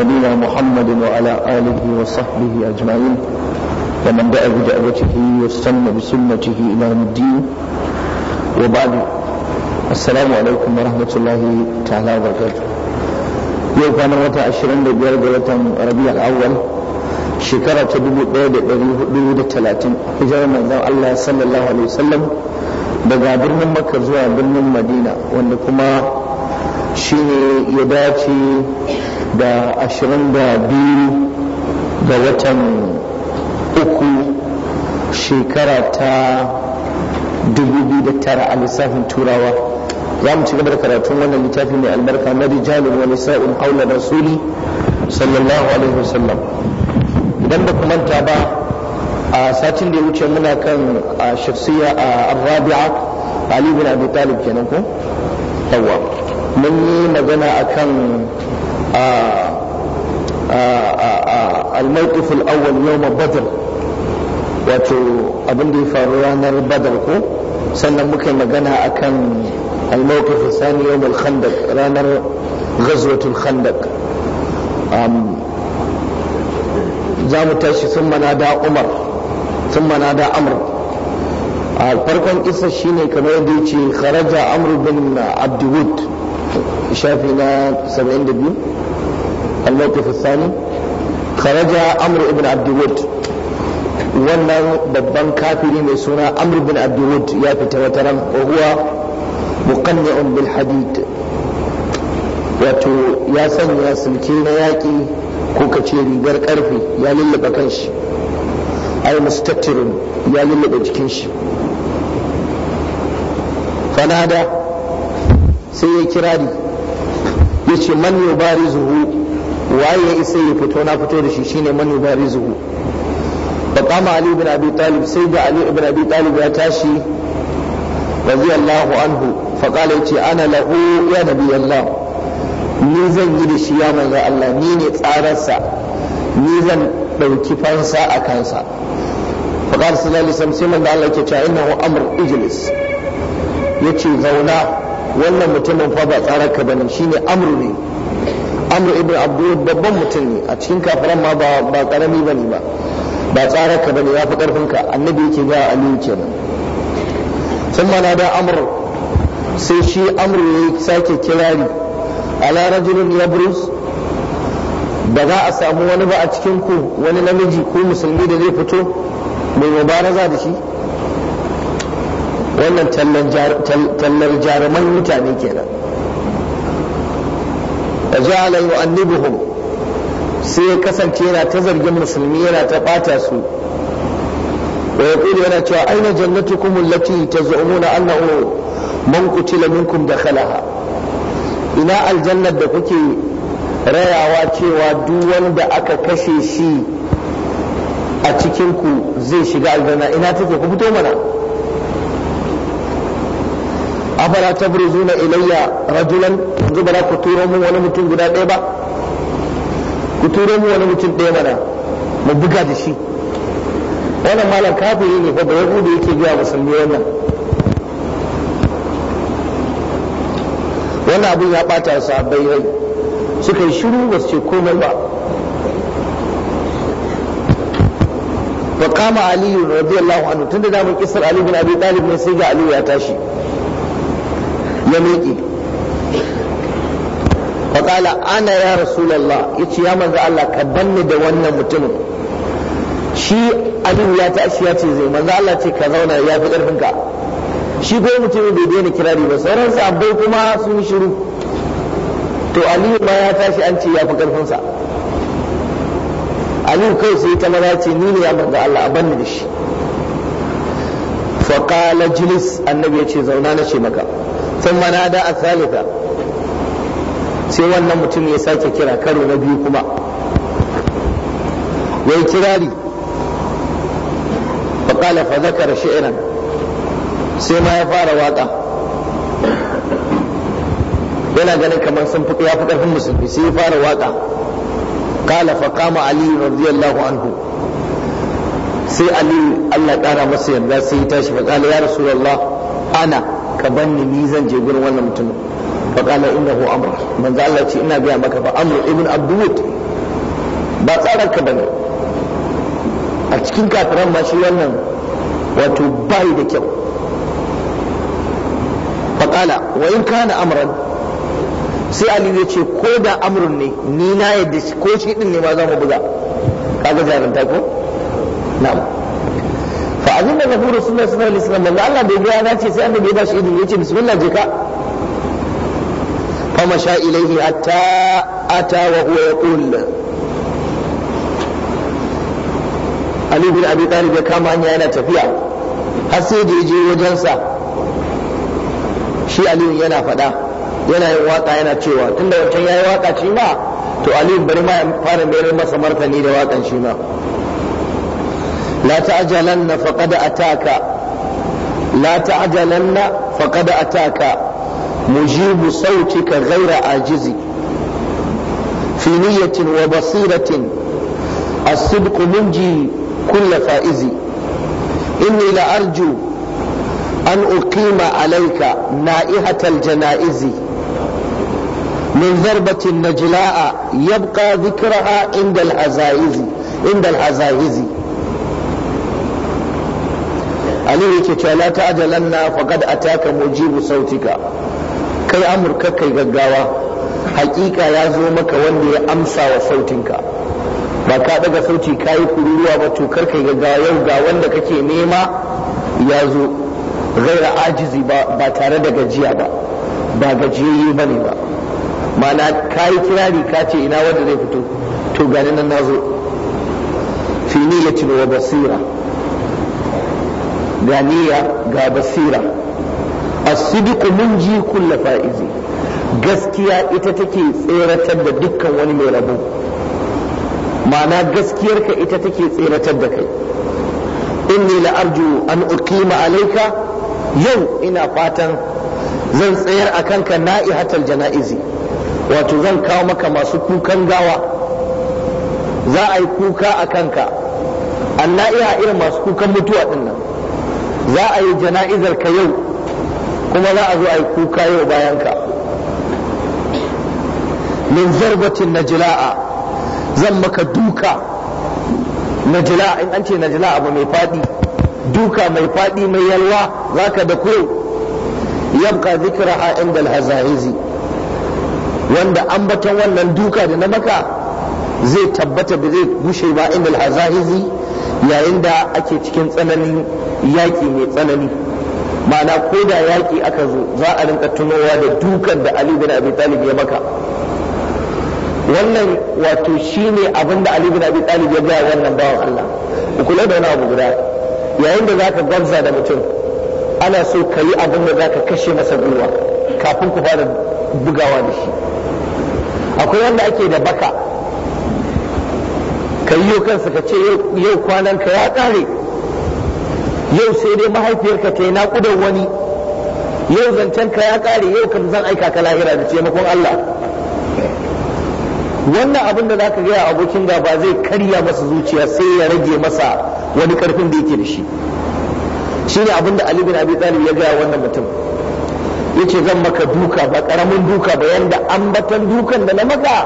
نبينا محمد وعلى آله وصحبه أجمعين ومن دعا بدعوته واستنى بسنته إلى الدين وبعد السلام عليكم ورحمة الله تعالى وبركاته manzon Allah daga birnin Makka zuwa birnin Madina wanda kuma shine dace da ashirin da biyu ga watan uku shekara ta tara a lissafin turawa za mu ci gaba da karatun wannan littafi mai albarka na rijalin wani sa'in da suli sallallahu alaihi wasallam idan ba manta ba a satin da ya wuce muna kan a shafsiya a rabi'a ali bin abi talib kenan ko yawa mun yi magana akan الموقف الأول يوم بدر wato abin da ya faru ranar badar ko sannan muka magana akan al-mawqif sani yawm al-khandaq ranar ghazwatul khandaq za mu tashi sun mana da umar sun mana da amr a farkon kisa shine kamar yadda ya ce kharaja amr bin abdiwud shafi na 72 الموقف الثاني خرج عمرو بن عبد الود wannan babban kafiri mai suna amr bin abdulwud ya fita wata ran wa huwa muqanni'un bil hadid wato ya sanya sulke na yaƙi ko ka ce rigar ƙarfe ya lullaba kanshi ai mustattirun ya lullaba jikin shi fanada sai ya kirari ya ce man yubarizuhu waye ya isa ya fito na fito da shi shine man da faqama ali ibn abi talib sai da ali ibn abi talib ya tashi radiyallahu anhu faqala yace ana lahu ya nabi allah ni zan yi da shi ya manzo allah ni ne tsararsa ni zan dauki fansa a kansa faqala sallallahu alaihi wasallam sai manzo allah yake cewa innahu amr ijlis yace zauna wannan mutumin fa ba tsararka bane shine amru ne amr ibn abdul babban mutum ne a cikin kafiran ma ba karami bane ba ba tsararka bane ya fi karfin ka annabi yake ga aliyu kenan sun mana da amr sai shi amr ya sake kirari ala rajulun yabrus da za a samu wani ba a cikin ku wani namiji ko musulmi da zai fito mai mubaraza da shi wannan tallar jaruman mutane kenan wa ja'ala yu'annibuhum sai ya kasance yana ta zargin musulmi yana ta bata su wa yana cewa aina jannatukum na taz'umuna annahu man da kala ha. ina aljannar da kuke rayawa cewa duk wanda aka kashe shi a cikinku zai shiga aljanna ina take ku fito mana afala tabruzuna ilayya rajulan yanzu ba za ku turo mu wani mutum guda ɗaya ba ku turo mu wani mutum ɗaya mana mu buga da shi wannan malam kafiri ne fa da yahudu yake biya musulmi wannan wannan abin ya bata su abai rai suka yi shiru ba su ce komai ba wa kama aliyu radiyallahu anhu tunda da mun kisar ali bin abi talib ne sai ga aliyu ya tashi ya miƙe faƙala ana ya rasulallah ya ce ya manzo Allah ka banni da wannan mutumin shi abin ya ta ashiya ce zai manzo Allah ce ka zauna ya fi ƙarfinka shi ko mutumin bai daina kirari ba sauran sabbai kuma sun shiru to aliyu ma ya tashi an ce ya fi ƙarfinsa aliyu kai sai ta maza ce ni ne ya manzo Allah a banni da shi faƙala jilis annabi ya ce zauna na ce maka ثم نادى الثالثة sai wannan mutum ya sake kira karo na biyu kuma wai kirari faƙala fa sai ma ya fara waƙa yana ganin kamar sun fi ya fi ƙarfin musulmi sai ya fara waƙa kala fa kama ali radiyallahu anhu sai ali Allah ƙara masa yarda sai ya tashi fa kala ya rasulullah ana ka banni ni zan je gurin wannan mutumin fa qala innahu amr manzo Allah ce ina gaya maka fa amr ibn abdud ba tsaran ka bane a cikin kafiran ma shi wannan wato bai da kyau fa qala wa in kana amran sai Ali ya ce ko da amrun ne ni na yadda ko shi din ne ma za mu buga kaga jarumta ko na'am fa azin da gafur suna-sunan alaihi wasallam manzo Allah da ga ya ce sai annabi ya bashi ya ce bismillah je ka fa masha ilaihi hatta ata wa huwa yaqul Ali bin Abi Talib ya kama hanya yana tafiya har sai da je wajensa shi Ali yana faɗa yana yin waka yana cewa tunda wancan yayi waka shi ma to Ali bari ma fara mayar masa martani da wakan shi ma لا تعجلن فقد أتاك لا تعجلن فقد أتاك مجيب صوتك غير عاجز في نية وبصيرة الصدق منجي كل فائز إني لأرجو أن أقيم عليك نائحة الجنائز من ضربة النجلاء يبقى ذكرها عند الحزائز عند الحزائز aliyu yake ta la ta'jalanna faqad ataka mujibu sautika kai amurka kai gaggawa hakika ya zo maka wanda ya amsa wa sautinka ba ka daga sauti kayi kururuwa ba to kar kai gaggawa yau ga wanda kake nema ya zo gaira ajizi ba tare da gajiya ba ba gajiyayye bane ba Mana kayi kirari ka ce ina wanda zai fito to gani nan nazo. Fini ya niyyatin wa basira ga niyya ga basira asidiku mun ji kulla fa'izi gaskiya ita take tseratar da dukkan wani mai rabo ma'ana gaskiyarka ita take tseratar da kai inni la'arju an uqima alaika yau ina fatan zan tsayar a kanka na'ihatal jana'izi wato zan kawo maka masu kukan gawa za a yi kuka a kanka anna'iha irin masu kukan mutuwa dinnan za a yi jana'izar ka yau kuma za a zo a yi kuka yau bayan ka min zarbatin najla'a zan maka duka najla'a in an ce najla'a ba mai fadi duka mai fadi mai yalwa zaka da kuro yabqa dhikraha inda al-hazahizi wanda ambaton wannan duka da na maka zai tabbata ba zai gushe ba inda hazahizi yayin da ake cikin tsananin yaƙi mai tsanani ma'ana ko da yaƙi aka zo za a rinka tunowa da dukan da Ali bin Abi Talib ya maka wannan wato shine abin da Ali bin Abi Talib ya gaya wannan bawan Allah Ku da wani abu guda yayin da zaka gamsa da mutum ana so ka yi abin da zaka kashe masa gwiwa kafin ku fara bugawa da shi akwai wanda ake da baka ka yi kansa ka ce yau kwanan ka ya kare yau sai dai mahaifiyarka ta yi naƙudan wani yau zancen ka ya ƙare yau kan zan aika ka lahira da taimakon Allah wannan abin da zaka gaya abokin gaba zai karya masa zuciya sai ya rage masa wani karfin da yake da shi ne abin da Ali bin Abi Talib ya gaya wannan mutum yace zan maka duka ba karamin duka ba yanda ambatan dukan da na maka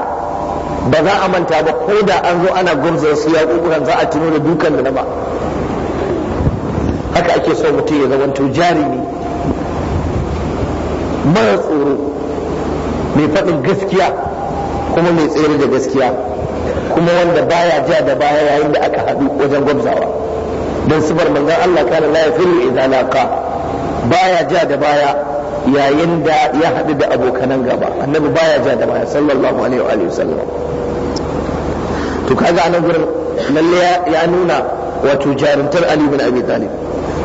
ba za a manta ba ko da an zo ana gurza su ya kokuran za a tuno da dukan da na ba haka ake so mutum ya zamanto jarumi mara tsoro mai faɗin gaskiya kuma mai tsere da gaskiya kuma wanda baya ja da baya yayin da aka haɗu wajen gwamzawa don sifar manzan Allah kana la yafiru idan laqa baya ja da baya yayin da ya haɗu da abokanan gaba annabi baya ja da baya sallallahu alaihi wa sallam to kaga anan gurin lalle ya nuna wato jarumtar Ali bin Abi Talib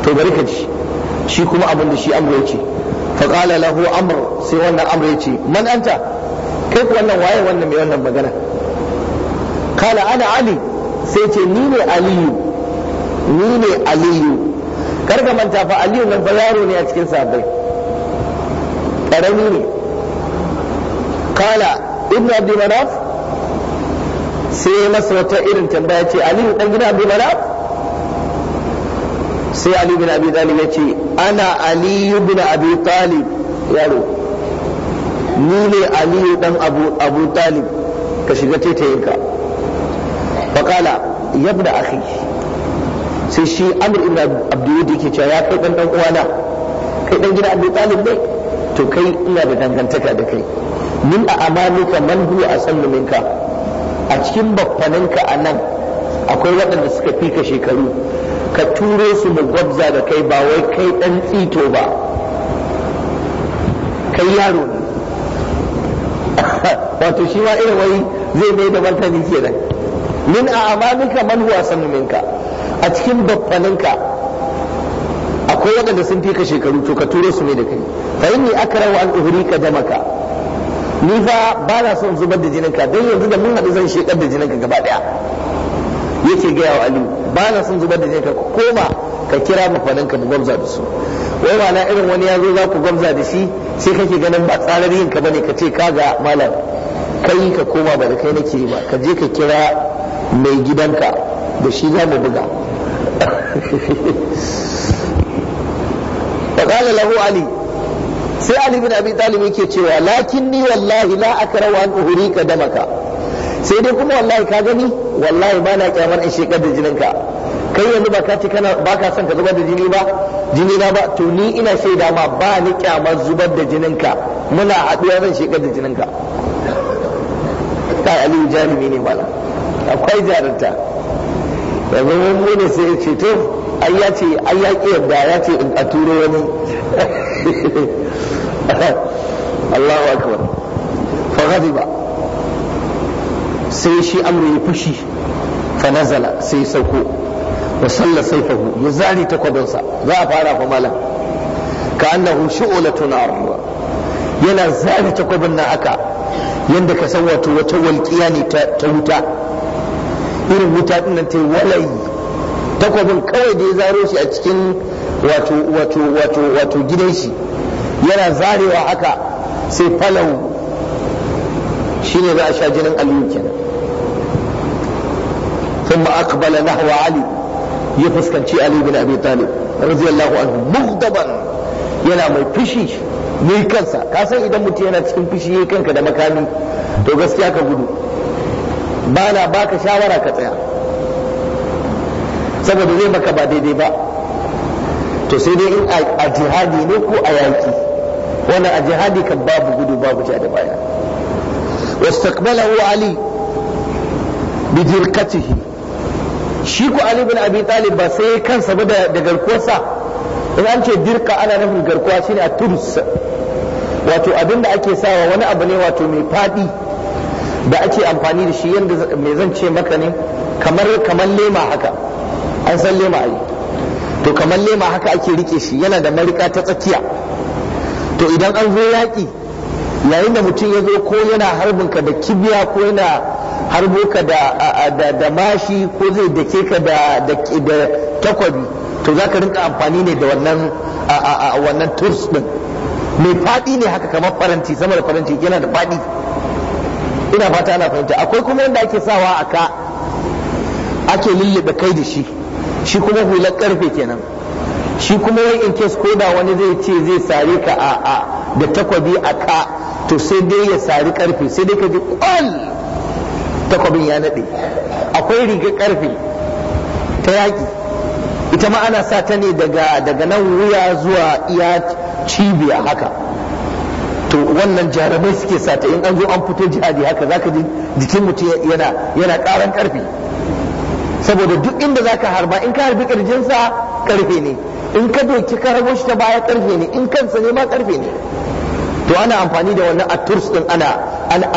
to bari ka ci, shi kuma abin da shi amru yake fa qala lahu amr sai wannan amr yake man anta kai ku wannan waye wannan mai wannan magana kala ana ali sai ce ni ne aliyu ni ne aliyu kar ka manta fa aliyu nan fa yaro ne a cikin sahabbai karami ne kala ibnu abdi manaf sai masa wata irin tambaya ce aliyu dan gidan abdi manaf sai ali bin abi talib ya ce ana ali bin abi talib yaro ni ne ali dan abu abu talib ka shiga taitayinka faqala yabda akhi sai shi amr ibn abdul yake cewa ya kai dan dan uwana kai dan gida abu talib ne to kai ina da dangantaka da kai min a amalika man huwa asallu minka a cikin baffaninka anan akwai waɗanda suka fi ka shekaru ka turo su mu gwabza da kai ba wai kai ɗan tsito ba kai yaro ne wato shi ma irin wai zai mai da martani kenan min a amalinka man huwa sanu minka a cikin babbaninka akwai waɗanda sun fi ka shekaru to ka turo su mai da kai fa inni akrahu an uhrika damaka ni fa ba na son zubar da jininka don yanzu da mun haɗu zan shekar da jininka gaba ɗaya yake gaya wa aliyu ba na son zubar da zai ka koma ka kira mafanin ka gwamza da su wai ba na irin wani ya zo za ku gwamza da shi sai kake ganin ba tsarar yin ka bane ka ce ka ga malam kai ka koma ba da kai nake ba ka je ka kira mai gidanka da shi za mu buga فقال له علي sai Ali bin Abi ɗalibi yake cewa lakin ni wallahi la akrahu ka uhrika damaka sai dai kuma wallahi ka gani wallahi ba na kyamar in shekar da jininka kai yanzu ba ka ci kana ba ka son ka zubar da jini ba jini na ba to ni ina shaida ma ba ni kyamar zubar da jininka muna haɗuwa zan shekar da jininka kai aliyu jarumi ne mala akwai jarinta yanzu mun ne sai ya ce to ai ya ce ai ya ki yadda ya ce in a turo wani Allahu akbar fa ba. sai shi amru ya fushi fa nazala sai sauko wa salla saifahu ya zari takwadonsa za a fara fa malam ka annahu shu'latun arwa yana zari takwabin nan haka yanda ka san wato wata walƙiya ne ta wuta irin wuta din nan ta walayi takwabin kawai da ya zaro shi a cikin wato wato wato wato gidan shi yana zarewa haka sai falau shine za a sha jinin aliyu ثم أقبل نحو علي يفسكن شي علي بن أبي طالب رضي الله عنه مغضبا yana mai fushi ne kansa ka san idan mutum yana cikin fushi ne kanka da makami to gaskiya ka gudu ba na baka shawara ka tsaya saboda zai maka ba daidai ba to sai dai in a jihadi ne ko a yaki wannan a jihadi kan babu gudu babu ja da baya واستقبله علي بجركته shi ku Ali bin Abi Talib ba sai kansa ba da garkuwarsa in an ce dirka ana nufin garkuwa shine a turs wato abin da ake sawa wani abu ne wato mai fadi da ake amfani da shi yadda mai zan ce maka ne kamar kamar lema haka an san lema ai to kamar lema haka ake rike shi yana da marika ta tsakiya to idan an zo yaƙi yayin da mutum ya zo ko yana harbinka da kibiya ko yana har boka da da mashi ko zai dake ka da da takwabi to za ka rinka amfani ne da wannan wannan turs din mai faɗi ne haka kamar faranti sama da faranti yana da faɗi ina fata ana fahimta akwai kuma wanda ake sawa a ka ake lullube kai da shi shi kuma hular karfe kenan shi kuma wai in case koda wani zai ce zai sare ka a a da takwabi a ka to sai dai ya sari karfe sai dai ka ji kwal takwabin ya nade, akwai rigar ƙarfe ta yaki, ita ma ana sa ta ne daga daga nan wuya zuwa iya cibiya haka to wannan jarabai suke sa ta in an zo an fito jihadi haka zaka ji jikin mutum yana yana ƙaran ƙarfe saboda duk inda zaka harba in ka harbi sa ƙarfe ne in ka doki ka shi ta baya ƙarfe ne in kansa ne ma ƙarfe ne to ana amfani da wannan aturs din ana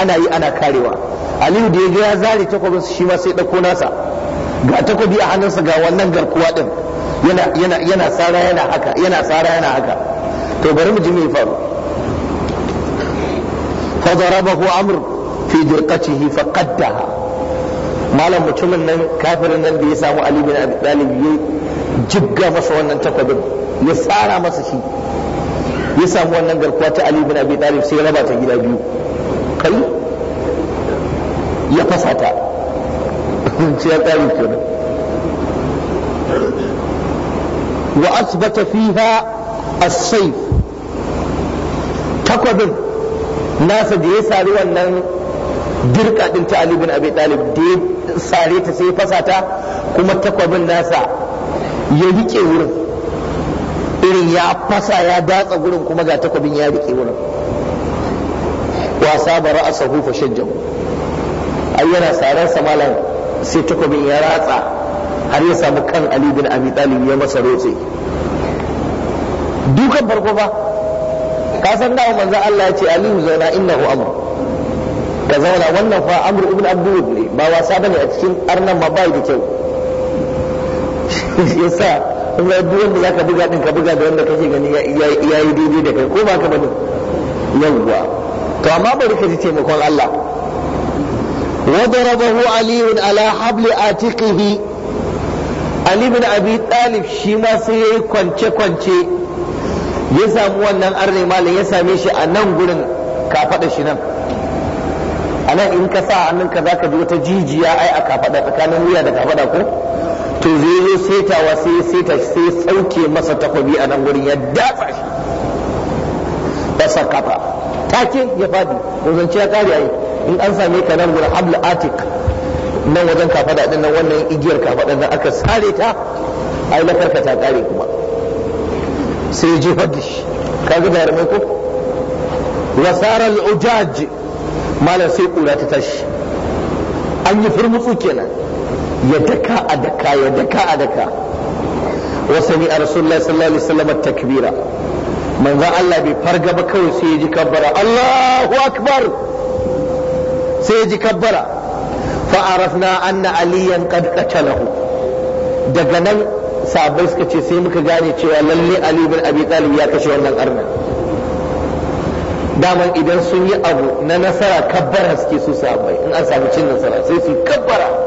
ana yi ana karewa aliyu da ya ga ya zare takobin shi ma sai dauko nasa ga takobi a hannunsa ga wannan garkuwa din yana yana yana sara yana haka yana sara yana haka to bari mu ji me faru fa darabahu amr fi dirqatihi qaddaha malam mutumin nan kafirin nan da ya samu ali bin abi talib ya jigga masa wannan takobin ya tsara masa shi ya samu wannan garkuwa ta Ali bin Abi Talib sai ya raba ta gida biyu kai ya fasa ta ce ya tsari kenan wa asbata fiha as-sayf takwabin nasa da ya sari wannan dirka din ta Ali bin Abi Talib da ya sare ta sai ya fasa ta kuma takwabin nasa ya rike wurin irin ya fasa ya datsa gurin kuma ga takwabin ya rike wurin wasa bara a sahu fa shajjan ai yana sarar sa malam sai takwabin ya ratsa har ya samu kan ali bin abi talib ya masa rotse dukan farko ba. ka san da manzo Allah ya ce aliyu zauna innahu amr ka zauna wannan fa amr ibn abdul ba wasa bane a cikin arnan ma bai da kyau yasa kun ga duk wanda zaka buga din ka buga da wanda kake gani ya yi daidai da kai ko ba ka bane yawwa to amma bari ka ji taimakon Allah وضربه علي على حبل عاتقه Ali bin Abi Talib shi ma sai yi kwance-kwance ya sami wannan arne malam ya same shi a nan gurin kafaɗa shi nan a nan in ka sa hannunka za ka ji wata jijiya ai a kafaɗa tsakanin wuya da kafaɗa ko to zai zo setawa sai seta sai sauke masa takobi a nan gurin ya dafa shi fasa kafa take ya fadi zance ya kare yi. in an same ka nan gurin hablu atik nan wajen kafada din nan wannan igiyar kafada da aka sare ta ai na karka ta kare kuma sai ji jefar Ka shi kaga da yarmai ko wasara al-ujaj malam sai kura ta tashi an yi furmutsu kenan ya daka a daka ya daka a daka wasani a rasulullah sallallahu alaihi wasallam takbira manzo Allah bai farga ba kawai sai ya ji kabbara Allahu akbar sai ya ji kabbara fa arafna anna aliyan qad qatalahu daga nan sahabbai suka ce sai muka gane cewa lalle ali bin abi talib ya kashe wannan arna daman idan sun yi abu na nasara kabbara suke su sahabbai in an samu cin nasara sai su kabbara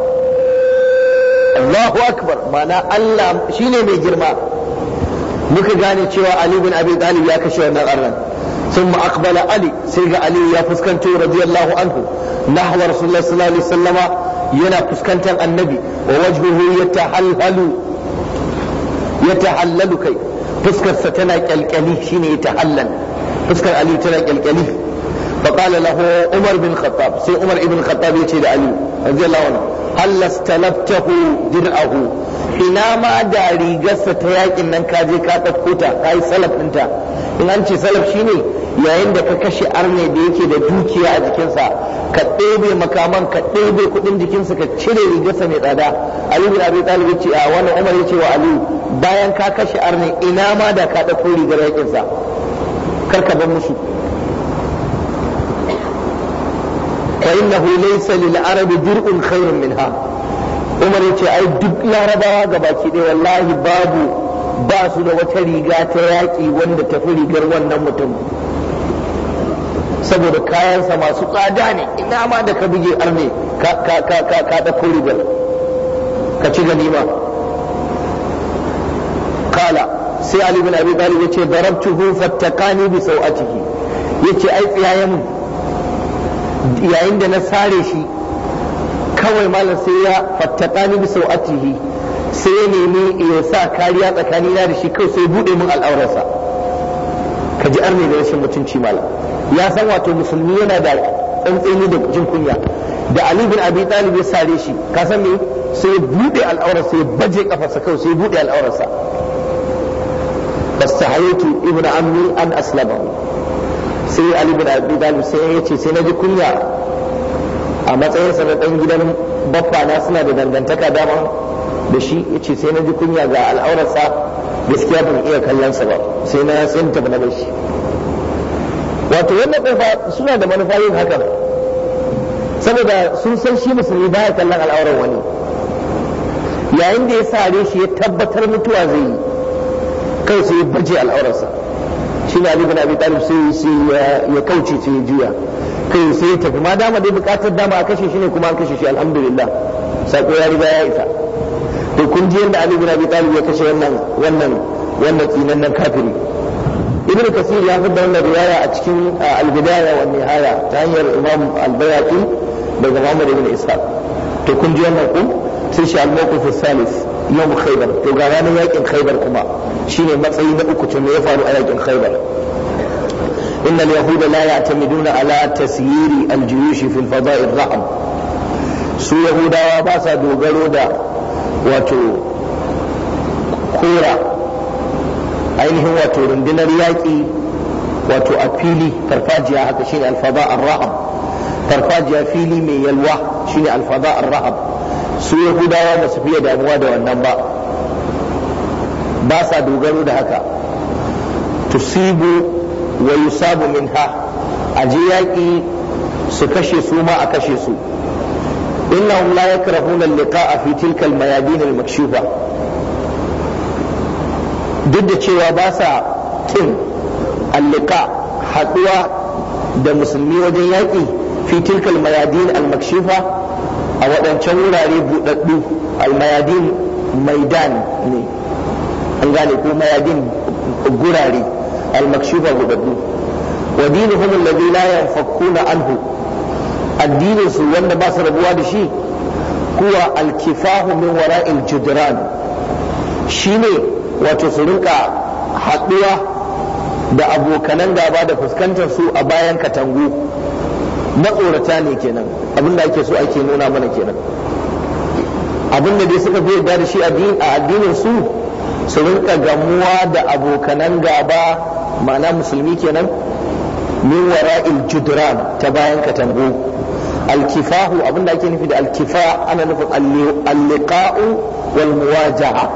Allahu akbar mana Allah shine mai girma muka gane cewa Ali bin Abi Talib ya kashe wannan arnan ثم أقبل علي سيغ علي يا فسكنتو رضي الله عنه نحو رسول الله صلى الله عليه وسلم ينا فسكنتا النبي ووجهه يتحلل يتحلل كي فسكر ستنا كالكلي شين يتحلل فسكر علي تنا كالكلي فقال له عمر بن الخطاب سي عمر بن الخطاب يتي علي رضي الله عنه hallastalabtahu dir'ahu ina ma da rigarsa ta yakin nan ka je ka ɗauko ta ka yi salaf ɗinta in an ce salaf shine yayin da ka kashe arne da yake da dukiya a jikinsa ka ɗebe makaman ka ɗebe kuɗin jikinsa ka cire rigarsa mai tsada ali bin abi talib yace a wannan umar yace wa Aliyu. bayan ka kashe arne ina ma da ka ɗauko rigar yakinsa kar ka bar musu fa innahu laysa lil arab dir'un khairun minha Umar yace ai duk ga baki ɗaya walahi babu basu da wata riga ta yaki wanda tafi rigar wannan mutum saboda kayansa masu tsada ne ina da ka buge arne ka ka ka ka ka da rigar ka ci ganima kala sai ali bin abi talib yace darabtuhu fattakani bi sau'atihi yace ai tsiyayen yayin da na sare shi kawai malam sai ya fattaka ni bi sau'atihi sai ya nemi ya sa kariya tsakanina da shi kawai sai bude min al'aurarsa ka ji arne da rashin mutunci malam ya san wato musulmi yana da tsantseni da jin kunya da ali bin abi talib ya sare shi ka san me sai ya bude al'aurarsa ya baje kafarsa kawai sai ya bude al'aurarsa bas sahaytu ibnu ammi an aslama sai ali bin abi talib sai ya ce sai na ji kunya a matsayinsa na dan gidan babba na suna da dangantaka dama da shi ya ce sai na ji kunya ga al'aurarsa gaskiya ban iya kallon sa ba sai na san ta na shi wato wannan kofa suna da manufa yin hakan saboda sun san shi musulmi baya kallon al'aurar wani yayin da ya sare shi ya tabbatar mutuwa zai yi kai sai ya baje al'aurarsa shi ne Ali bin Abi Talib sai sai ya kauce sai ya juya kai sai ya tafi ma dama dai bukatar dama a kashe shi ne kuma an kashe shi alhamdulillah sako ya riga ya isa to kun ji yadda Ali da abin Talib ya kashe wannan wannan wannan tsinannen kafiri ibn kasir ya fi da wannan riwaya a cikin al wa nihaya ta hanyar imam al daga Muhammad ibn isa to kun ji wannan ku sai shi al-mawqif salis yau khaibar to ga ranar yakin khaibar kuma shine matsayi na uku tun ya faru a yakin khaibar إن اليهود لا يعتمدون على تسيير الجيوش في الفضاء الرعب su yahudawa ba sa dogaro da wato kora ainihin wato rundunar yaƙi wato a fili farfajiya haka shine alfada ar-ra'ab farfajiya fili mai yalwa shine alfada ar su yahudawa ba su fiye damuwa da wannan ba ba sa dogaro da haka tusibu wa yusabu minha a je yaƙi su kashe su ma a kashe su innahum la yakrahuna al-liqa'a fi tilka al-mayadin al-makshufa duk da cewa ba sa kin al-liqa haduwa da musulmi wajen yaƙi fi tilka al-mayadin al-makshufa a waɗancan wurare buɗaɗɗu almayadin maidan ne an gane ko mayadin gurare almakshuba buɗaɗɗu wa la anhu addinin su wanda ba su rabuwa da shi kuwa alkifahu min wara'il Shi shine wato su rinka haɗuwa da abokanan gaba da fuskantar su a bayan katangu matsorata ne kenan abinda ake so ake nuna mana kenan abinda dai suka fi yarda da shi a addinin su su rinka gamuwa da abokanan gaba ma'ana musulmi kenan min wara iljudran ta bayan katangu alkifahu abinda ake nufi da alkifa ana nufin alliqa'u wal muwajaha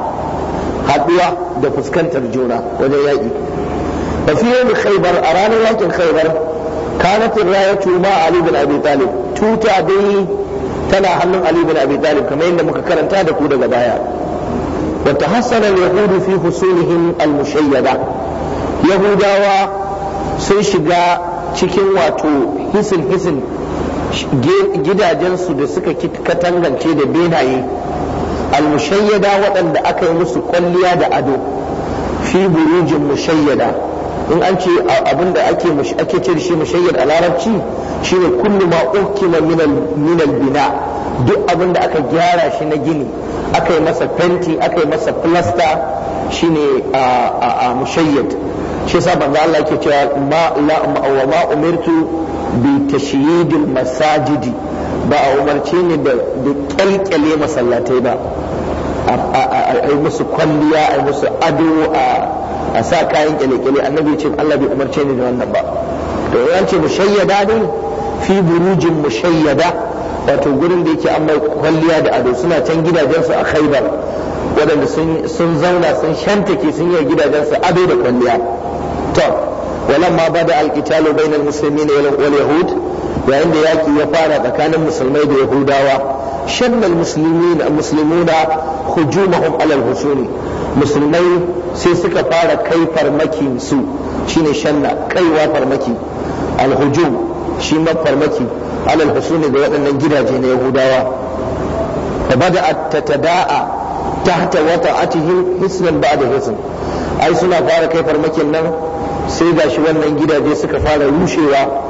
haduwa da fuskantar juna wajen yaƙi Ba fiye da khaibar a ranar yakin khaibar. كانت الرايه ما علي بن ابي طالب توتا دي تنا حنن علي بن ابي طالب كما إن مكرن تادا كودا قبايا وتحصل اليهود في حصولهم يهوداوا sun shiga cikin wato hisin-hisin gidajensu da suka katangance da benaye almushayyada waɗanda aka yi musu kwalliya da ado fi burujin mushayyada in an ce abin da ake ake ce shi mushayyar a larabci shine kullu ma ukila min al bina duk abin da aka gyara shi na gini aka yi masa fenti aka yi masa plasta shine a mushayyad shi yasa banza Allah yake cewa ma la ma umirtu bi al masajidi ba a umarce ni da da kalkale masallatai ba a yi musu kwalliya a yi musu ado a a sa kayan kyale-kyale annabi ce Allah bai umarce ni da wannan ba to ya ce mushayyada ne fi burujin mushayyada wato gurin da yake an mai kwalliya da ado suna can gidajensu a khaibar waɗanda sun zauna sun shantake sun yi gidajensu ado da kwalliya to ولما بدا القتال بين المسلمين واليهود yayin da yaki ya fara tsakanin musulmai da yahudawa shanna almuslimin almuslimuna hujumahum ala alhusuli musulmai sai suka fara kai farmakin su shine shanna kaiwa farmaki alhujum shi ma farmaki ala alhusuli ga waɗannan gidaje na yahudawa da bada'at tatada'a tahta wata'atihim ba da hisn ai suna fara kai farmakin nan sai gashi wannan gidaje suka fara rushewa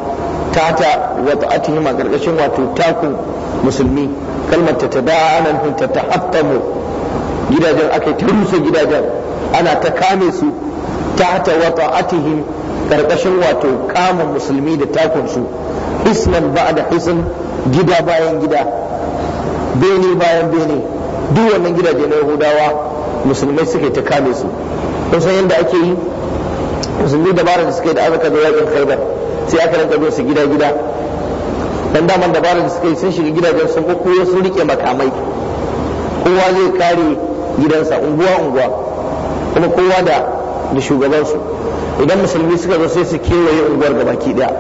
tata wata atihim a karkashin wato taku musulmi kalmar ta ta da'anan hun ta ta hattamu gidajen aka ta rusa gidajen ana ta kame su tata wata atihim ƙarƙashin wato kama musulmi da takunsu islam ba da hisin gida bayan gida bene bayan bene duk wannan gidaje na yahudawa musulmai suka ta kame su kusan yadda ake yi musulmi dabarar da suke da aka zo yakin khaibar sai aka rinka bin su gida gida dan daman dabarar da suke sun shiga gidajen sun kokoyo sun rike makamai kowa zai kare gidansa unguwa unguwa kuma kowa da da shugabansu idan musulmi suka zo sai su kewaye unguwar da baki daya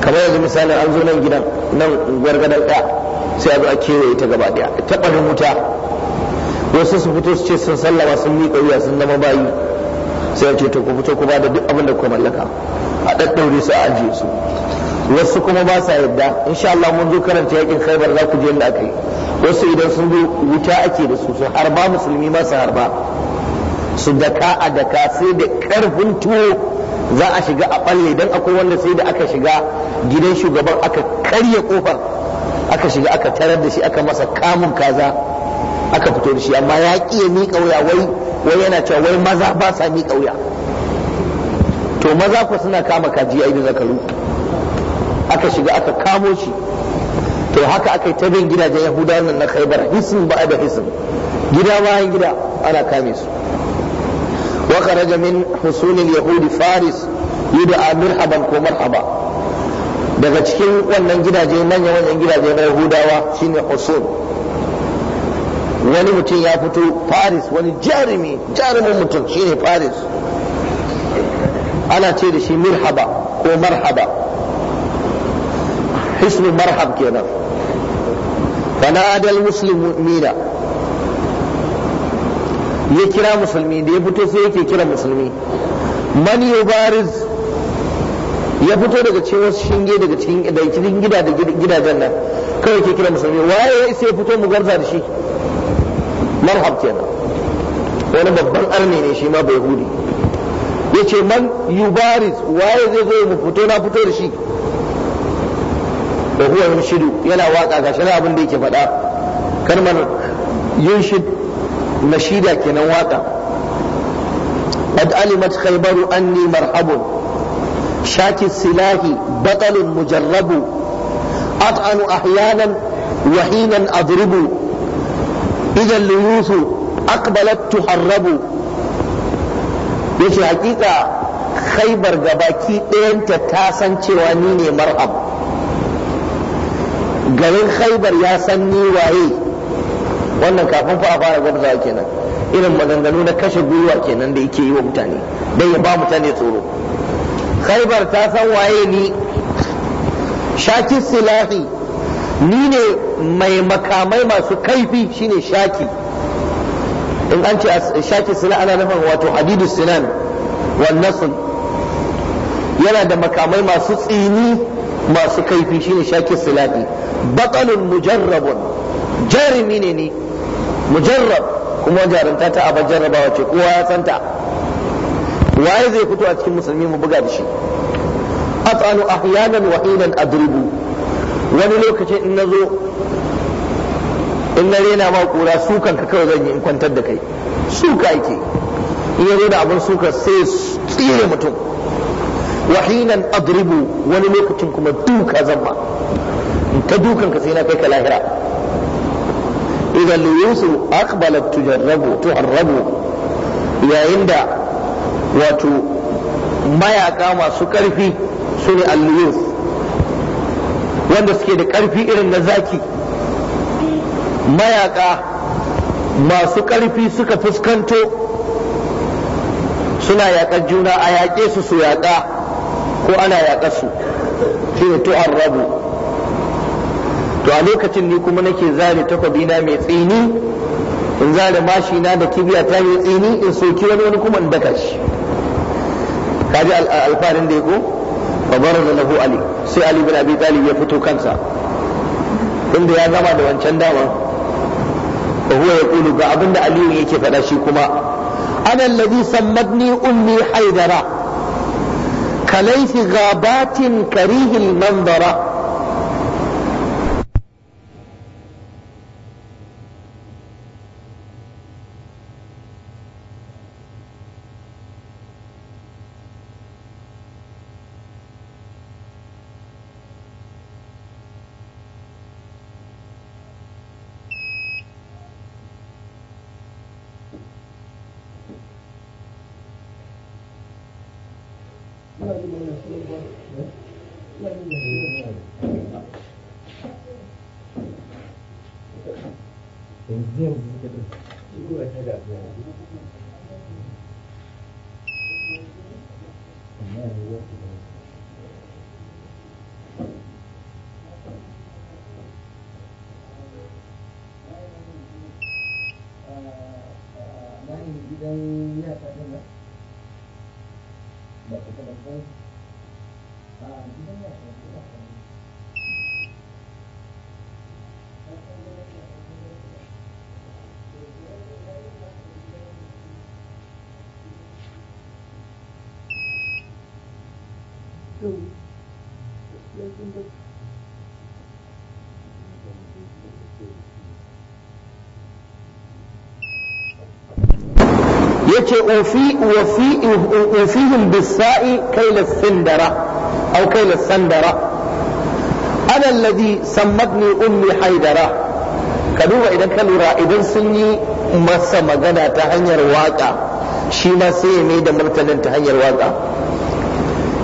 kamar yanzu misalin an zo nan gidan nan unguwar gadon ɗaya sai a zo a kewaye ta gaba daya ta ɓarin wuta wasu su fito su ce sun sallama sun miƙa wuya sun zama bayi sai ce to ku fito ku bada duk abin da ku mallaka a daddaure su a ajiye su wasu kuma ba sa yadda insha Allah mun zo karanta yakin Khaibar za ku je inda aka yi wasu idan sun zo wuta ake da su su harba musulmi ma su harba su daka a daka sai da karfin tuwo za a shiga a ɓalle dan akwai wanda sai da aka shiga gidan shugaban aka karya kofar aka shiga aka tarar da shi aka masa kamun kaza aka fito da shi amma ya ƙi ya mika waya wai wai yana cewa wai maza ba sa mi kauya to maza ku suna kama kaji ai da zakaru aka shiga aka kamo shi to haka aka yi ta bin gidajen yahudawan nan na khaibar hisin ba da hisin gida bayan gida ana kame su wa kharaja min yahudi faris yud'a mirhaban ko marhaba daga cikin wannan gidaje manyan manyan gidaje na yahudawa shine husun wani mutum ya fito faris wani jarumi jarumin mutum shine faris ana ce da shi mirhaba ko marhaba hisnu marhab kenan muslim muslimina ya kira musulmi da ya fito sai yake kira musulmi man yubariz ya fito daga cikin wasu shinge daga cikin gidajen nan kawai ke kira musulmi waye ya isa ya fito mu garza da shi marhab kenan wani babban arni ne shi ma bai hudi ya ce man yubaris waye zai zo mu fito na fito da shi da huwa yunshidu yana waka ga shi abin da yake faɗa kalmar yunshid nashida kenan waka قد علمت خيبر أني مرحب شاكي السلاح بطل مجرب أطعن أحيانا وحينا أضرب إذا الليوث أقبلت tuharrabu يشي حقيقة khaibar gabaki ɗayanta ta san cewa ni ne garin ya san ni waye wannan kafin fa a fara kenan irin maganganu na kashe gwiwa kenan da yake yi wa mutane ya ba mutane tsoro ta san waye ni silahi ni ne mai makamai masu kaifi shine shaki in an ce shaki suna ana nufin wato hadidu sinan wannan yana da makamai masu tsini masu kaifi shine shaki silati batsalin mujarrabun jarumi ne ne, mujarrab kuma jarumta ta abar jarrabawa ce kowa ya santa waye zai fito a cikin musulmi mu buga da shi atsalu ahyanan wa hinan adribu wani lokaci in na zo in na rena ma kura sukan ka kawai zan yi in kwantar da kai suka yake in ya zo da abin suka sai tsire mutum wahinan adribu wani lokacin kuma duka zamba ta dukan ka sai na kai ka lahira idan luyusu aqbalat tujarrabu tuharrabu yayin da wato mayaka masu karfi su ne alluyusu wanda suke da ƙarfi irin na zaki mayaka masu karfi suka fuskanto suna yaƙar juna a yaƙe su su yaƙa ko ana yaka su shi ne tu'ar rabu to a lokacin ne kuma nake zare takwabina mai tsini in mashi mashina da kibiya ta mai tsini in soki wani wani kuma in daka shi kaji alfarin da ya ko fa barza lahu ali sai ali bin abi talib ya fito kansa inda ya zama da wancan dama fa huwa yaqulu ga abinda ali yake faɗa shi kuma ana alladhi ummi haidara kalayfi ghabatin karihil manzara những người thay đổi về dari bidangnya bagaimana? Bagaimana? Bagaimana? Bagaimana? yau ya sun yace ofi wafi ofihim bisa'i kaila sindara aw kaila sandara ana alladhi sammadni ummi haidara ka idan ka lura idan sun yi masa magana ta hanyar waka shi ma sai ya mai da martanin ta hanyar waka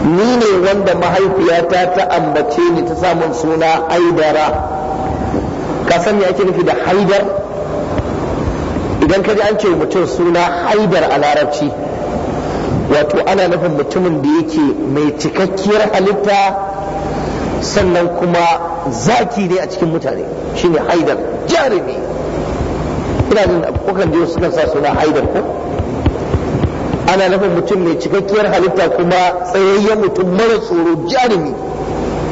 ni ne wanda mahaifiyata ta ambace ni ta samun suna aidara ka san ake nufi da haidar idan ka ji an ce mutum suna haidar a larabci wato ana nufin mutumin da yake mai cikakkiyar halitta sannan kuma zaki ne a cikin mutane shine haidar jarumi ina jin kukan je suna sa suna haidar ko ana nufin mutum mai cikakkiyar halitta kuma tsayayyen mutum mara tsoro jarumi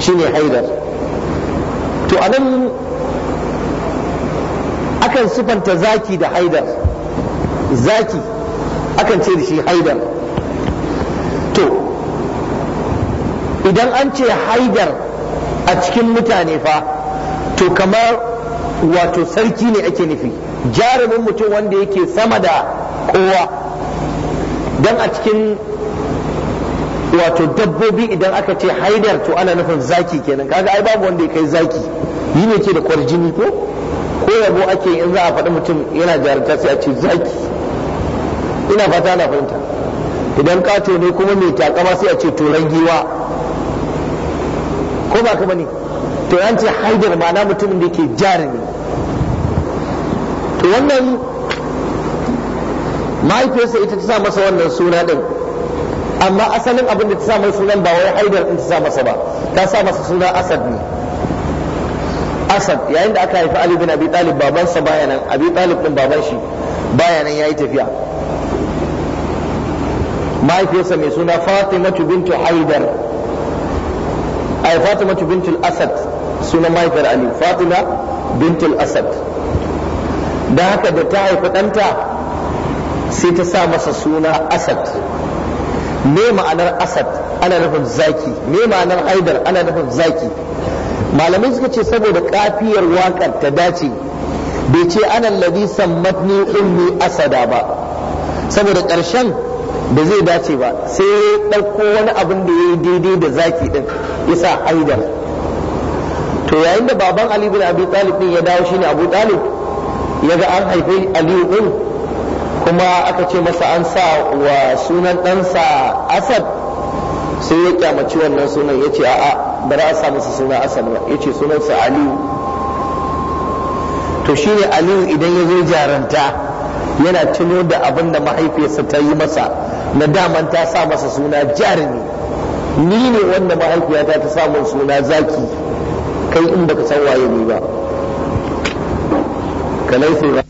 shine haidar to anan akan sifanta zaki da haidar zaki akan ce da shi haidar to idan an ce haidar a cikin mutane fa to kamar wato sarki ne ake nufi jarumin mutum wanda yake sama da kowa dan a cikin wato dabbobi idan aka ce haidar to ana nufin zaki kenan kaga ai babu wanda ya kai zaki yi ne ke da kwarjini ko ko yabo ake in za a faɗi mutum yana jarumta sai a ce zaki ina fata na fahimta idan kato ne kuma mai takama sai a ce turan giwa ko ba ka ne to an ce haidar ma'ana mutumin da yake jarumi to wannan mahaifiyarsa ita ta sa masa wannan suna din amma asalin abin da ta sa masa sunan ba wai haidar din ta sa masa ba ta sa masa suna asad ne asad yayin da aka haifi ali bin abi talib babansa baya nan abi talib din baban shi baya nan yayi tafiya mahaifiyarsa mai suna fatimatu bintu haidar ai fatimatu bintu asad sunan mahaifiyar ali fatima bintu asad da haka da ta haifi ɗanta sai ta sa masa suna asad me ma'anar asad ana nufin zaki me ma'anar haidar ana nufin zaki malamai suka ce saboda kafiyar wakar ta dace bai ce ana ladi sammatni ummi asada ba saboda ƙarshen da zai dace ba sai ya ɗauko wani abin da ya yi daidai da zaki ɗin isa haidar to yayin da baban ali bin abi talib ɗin ya dawo shine abu talib ya ga an haifi aliyu ɗin kuma aka ce masa an sa wa sunan ɗansa asad sai ya kyamaci wannan sunan ya ce a'a za a sa masa sunan asad ba ya ce sunansa aliyu to shi ne aliyu idan ya zo jaranta yana tuno da abin da mahaifiyarsa ta yi masa na daman ta sa masa suna jarumi ni ne wanda mahaifiyata ta samun suna zaki kai in baka san waye ne ba ka laifin ba